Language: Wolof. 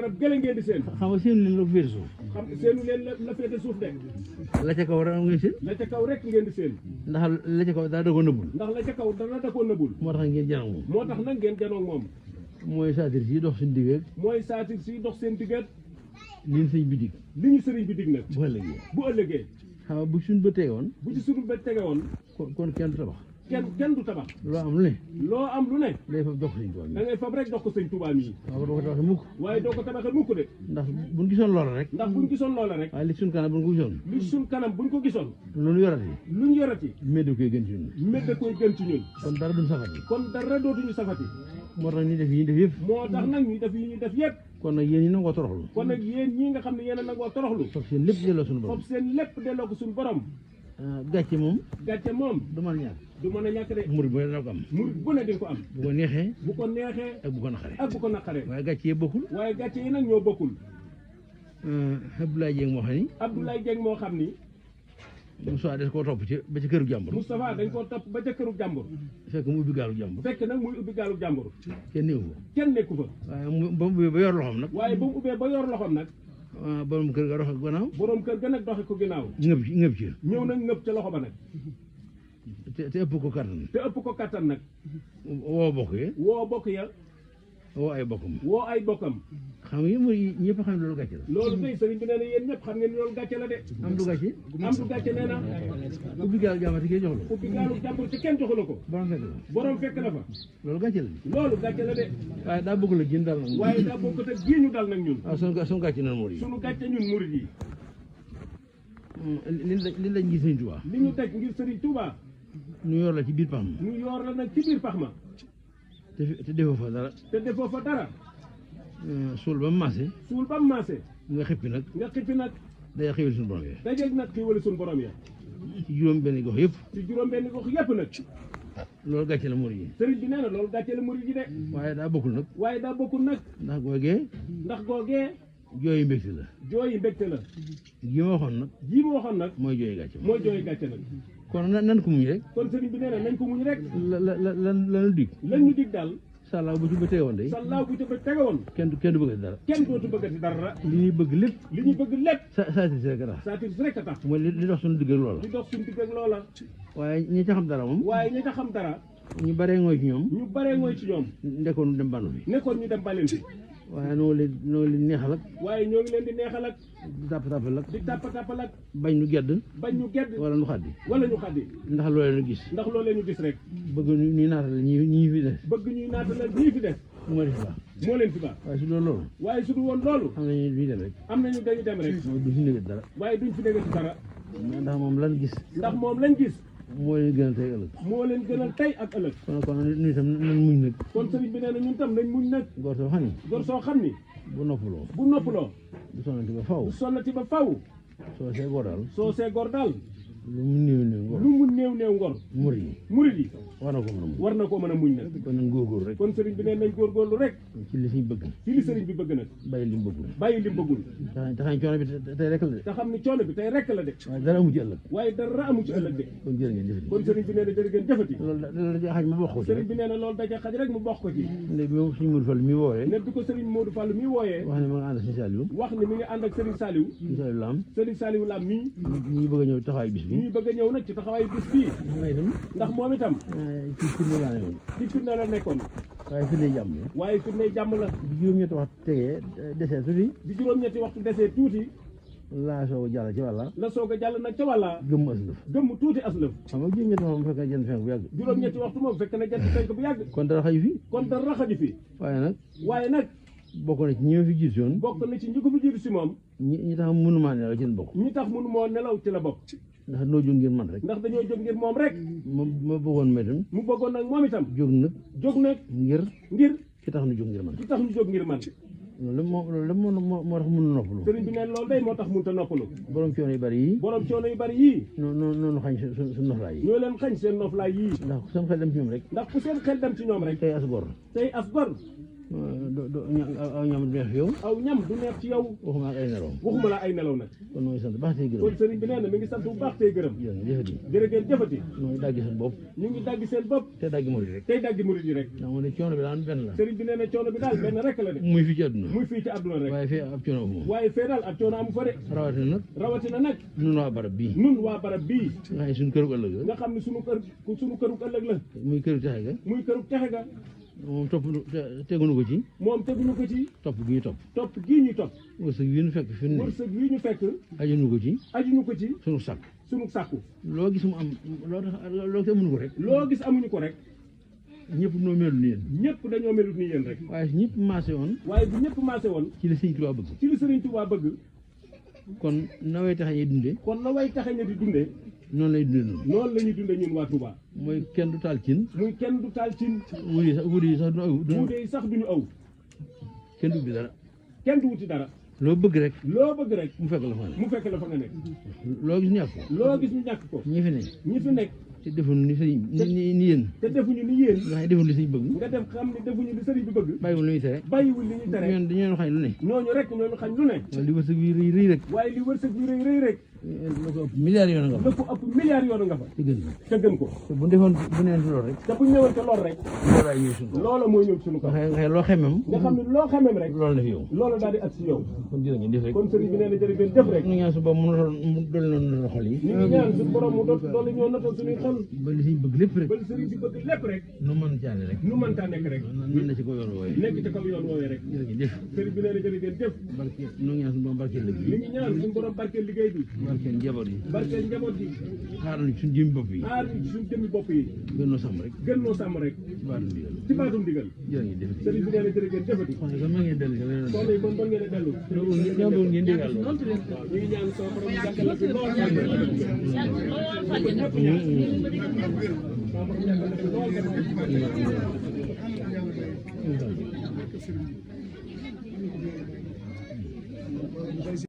garab gële ngeen di seen. xam nga seenu leen la féete suuf. xam seenu leen la féete suuf de. la ca kaw rek ngeen di seen. ndax la ca kaw daa da koo nëbbul. ndax la ca kaw dana da koo nëbbul. moo tax ngeen janoog moom. moo tax nag ngeen janoog moom. mooy saatir si dox seen digg. mooy saatir si dox seen digg. li ñu sëriñ bi dig. li ñu sëriñ bi dig nag. bu ëllëgee bu ëllëgee. xam nga bu suñu ba tege woon. bu ci suñu ba tege woon. kon kon kenn du tabax. kenn kenn du tabax. loo am lu ne. loo am lu ne. day fab jox ko sëñ Tuubaa da ngay fab rek jox ko sëñ Tuubaa mii. waaw doo ko tabaxee mukk. waaye doo ko tabaxee mukk de. ndax buñ gisoon loola rek. ndax buñ gisoon loola rek. waaye li suñ kanam buñ ko gisoon. li suñ kanam buñ ko gisoon. lu ñu yorati. lu ñu yorati. mbedd koy gën ci ñun. mbedd koy gën ci ñun. kon dara duñ safati. kon dara dootuñu safati. moo tax ñu def yi ñu def yëpp. moo tax nag ñu def yi ñu def yëpp. kon nag yéen ñi nangoo toroxlu kon nag yéen ñii nga xam ne yéen a nangoo toroxlu fab seen lépp delloo suñu borom fab seen lépp delloo ko suñu borom Euh, gàcce moom gàcce moom du mën a ñàkk du mën a ñàkk de murid bu ne dana ko am bu ko am bu ko neexee bu ko neexee ak bu ko naqaree ak bu ko naqaree waaye gàcce bokkul waaye gàcce yi nag ñoo bokkul euh, Abdoulaye Dieng moo xam ni Abdoulaye Dieng moo xam ni Moustapha des koo topp ci ba ca këru jàmbur Moustapha dañ koo topp ba ca këru jàmbur fekk mu ubbi gaalu jàmbur fekk nag muy ubbi gaalu jàmbur kenn néew fa kenn nekku fa waaye ba mu ubbee ba yor loxoom nag waaye ba mu ubbee ba yor loxoom nag Ah, boroom kër ga doxe ko gannaaw borom kër ga nag doxe ko gannaaw ngëb ci ngëb ci ñëw nag ngëb ca loxo ba nag te ëpp ko kattan te ëpp ko kattan nag woo bokk woo bokk ya woo ay bokkam woo ay bokkam xam ngeen mooy ñëpp xam ne loolu gàcce la. xam ngeen loolu gàcce la de. am du gàcce. am du gàcce kenn joxu la ko. ubbi la ko. borom fekk la borom fekk la fa. loolu gàcce la. loolu gàcce la de. waaye daa bokk la gën dal nag. ñu dal nag ñun. waaw ah, sunu sunu gàcce ñun murid yi. sunu gàcce ñun murid yi. Hmm, li li lañ ngir sëriñ Touba. li ñu teg ngir sëriñ Touba. ñu yor la ci biir pax ma. ñu yor la nag ci biir pax ma. te defoo fa dara. Euh, suul ba mu maase. suul ba mu maase. nga xippi nag. nga xippi nag. day xéwal suñu borom ya. dajeeg nag xéwal suñu borom ya. ci juróom-benn gox yëpp. ci juróom-benn gox yëpp nag. loolu gàcce la murid yi. sëriñ bi nee na loolu gàcce la murid yi de. waaye daa bokkul nag. waaye daa bokkul nag. ndax googee. ndax googee. jooyi mbégte la. jooyi mbégte la. ji ma waxoon nag. ji ma waxoon nag. mooy jooyi gàcce. mooy jooyi gàcce nag. kon nan ko muñ rek. kon sëriñ bi nee na nañ ko muñ rek. la la la lan lanu dig. lan ñu dig daal. sallaaw bu ci ba tegewoon day sallaaw bu ci ba tegewoon kenn kenn du bëggati dara kenn dootu bëggati dara li ñuy bëgg lépp li ñuy bëgg lépp sa saatir si rek a tax saatir si rek a tax mooy li dox suñu digg ak loola li dox suñu digg ak loola waaye ñi xam dara moom waaye ñi ca xam dara ñu baree ngooy ci ñoom ñu bare ngooy ci ñoom nekkoon ñu dem bànn bi nekkoon ñu dem bànn bi waaye noo leen noo leen neexal waaye ñoo ngi leen di neexal ak di tàpp tàppal ak di tàpp tàppal ak bañ ñu gedd bañ ñu gedd wala nu xaddi wala ñu xaddi ndax loolee ñu gis ndax loolee ñu gis rek bëgg ñuy naatal ñi ñii fi def ñuy naatal ñii fi def moo leen fi baax waaye su doon loolu waaye su du woon loolu am na ñu duñu dem rek am nañu dañu dem rek duñ fi négat dara waaye duñ fi négat dara ndax moom lan gis ndax moom lañ gis moo leen gënal tey ëllëg. moo leen gënal tey ak ëllëg. kon kon nit ñi tam nañ muñ nag. kon sëriñ bi nee na ñun tam nañ muñ nag. gor soo xam ni. gor soo xam ni. bu noppaloo. bu noppaloo. bu sonnati ba faw. bu sonnati ba faw. soo see gor daal. soo see gor daal. lu mu néew néew ngor lu mu néew néew yi murid yi na ko mën a muñ na koo mën a muñ nag kon nañ góorgóorlu rek kon sëriñ bi nee bëgg ci li sëriñ bi bëgg nag bàyyi li mu bëggul bàyyi li mu bëggul te xam ne coono bi te xam ne coono waaye dara amu ci ëllëg waaye dara amu ci ëllëg de kon jërë ngeen jëfati mu bokk ko ci sëriñ bi nee na mu bokk wooyee wax ne ma nga ànd ak sëriñ Saliou wax ne mi nga ànd ak sëriñ Saliou sëriñ Saliou ñu bëgg a ñëw taxawaay bis Mmh. ñuy bëgg ñëw nag ci taxawaayu bis bii. ndax moom itam. ci firnde laa nekkoon. ci firnde la nekkoon. waaye firnde jàmm la. waaye firnde jàmm la. bi juróom-ñetti wax tegee desee tuuti. bi juróom-ñetti waxtu desee tuuti. laa soog a jàll ca wàlla la soog a jàll nag ca wàlla gëmm aslëf gëmm tuuti aslëf xam nga juróom-ñetti waxtu moom fekk na jant fenk bu yàgg juróom-ñetti waxtu moom fekk na jant fenk bu yàgg kon dara xaju fi kon dara xaju fi waaye nag waaye nag bokk na ci ñi fi jiitu woon bokk na ci ko fi jiitu si moom ñi tax mënu maa nelaw ci la bokk ñi tax mënu moo nelaw ci la bokk ndax noo jóg ngir man rek ndax dañoo jóg ngir moom rek moom ma bëggoon ma itam mu bëggoon nag moom itam jóg nag jóg nag ngir ngir ki tax nu jóg ngir man ki tax nu jóg ngir man loolu moo loolu moo moo tax mun a noppalu sëriñ bi ne loolu day moo tax mun ta noppalu borom coono yu bari yii borom coono yu bari yii noonu xañ suñu noflaay yi ñoo leen xañ seen noflaay yii ndax ku seen xel dem ci ñoom rek ndax ku seen xel dem ci ñoom rek tey as tey as aw ñam du neex yow aw ñam du neex ci yow waxuma ay nelaw waxuma la ay nelaw nag kon noo ngi sant baax tey gërëm kon sëriñ bi nee na mi ngi sant bu baax tey gërëm jërëjëfati jërëgeen jëfati ñu ngi daggi seen bopp ñu ngi daggi seen bopp tey daggi murid yi rek tey daggi murid yi rek ndax mu ne coono bi daal benn la sëriñ bi nee na coono bi daal benn rek la de muy fii ci àdduna muy fii ci àdduna rek waaye fee ab coono amu waaye fee daal ab coono amu fa de rawatina nag rawatina nag nun waa barab bii nun waa barab bii nga xam ne suñu kërug ëllëg la nga xam ne suñu kër suñu kërug ëllëg la muy kërug texe ga muy kërug texe ga moom topp teguñu ko ci. moom teguñu ko ci. topp gi ñu topp. topp gi ñu topp. wërsëg wi ñu fekk fi mu ne. ñu fekk. ajuñu ko ci. ajuñu ko ci. sunu sàkk. sunu sàkku. loo gis mu am loo tax loo gis amuñu ko rek. loo gis amuñu ko rek. ñëpp noo melu ni yéen. ñëpp dañoo melut ni yéen rek. waaye ñëpp maase woon. waaye bu ñëpp maase woon. ci li Sëriñ Tuubaa bëgg. ci li Sëriñ Tuubaa bëgg. kon na way taxañee dundee. kon na way taxañee di dundee. noonu lay dund la ñuy dundee ñun waa Touba. mooy kenn du taal cin. muy kenn du taal cin. wuute yi sax wuute yi sax du aw. wuute sax duñu aw. kenn du ubbi dara. kenn du wuti dara. loo bëgg rek. loo bëgg rek. mu fekk la fa nga nekk mu fekk la fa nga nekk. loo gis ñu ñàkk ko. ñu ñi fi nekk ñi fi nekk. te defuñu ni sëriñ ni ni yéen. te defuñu ni yéen. nga xam ne defuñu li sëriñ bëgg. nga def xam ne defuñu li sëriñ bi bëgg. bàyyiwul li ñuy tere. bàyyiwul li ñuy tere ñoom dañu leen xañ lu ne. ñooñu rek ñooñu xañ lu ne. waaye li wërsëg bi rëy rëy rek. waaye li wërsëg bi rëy rëy rek. lu ko ëpp milliards yoon nga fa. lu ko ëpp milliards yoon nga fa. te gën ko te gën ko. te bu defoon bu neen lool rek. te lool rek. loolaa loo xamem. nga xam loolu la yow. si kon jërë ngeen def rek. kon sëriñ bi nee na jërë ngeen def rek. ñu ñaan su ba li sëriñ bëgg lépp rek. ba li nu mën caa rek. nu mën caa nekk rek. mën na ci ko yoon wooyee. nekk ci kaw yoon wooyee rek. jërë ngeen def. sëriñ bi nee na jërë ngeen def. barke ñu ngi ñaan bi. barkeel njaboot yi barkeel njaboot yi xaaral ñu suñu jëmi bopp yi xaaral ñu suñu jëmi bopp yi gën noo sàmm rek gën noo sàmm rek ci baatum ndigal ci baatum ndigal jërëjëf jërëjëf sëriñ bi nee na jërëjëf jëfati kon kon maa ngi dellu soxna yi kon kon ngeen dellu ñaan doon ngeen déggal ñu ngi ñaan soo borom jàkkal la fi lool jàkkal la fi lool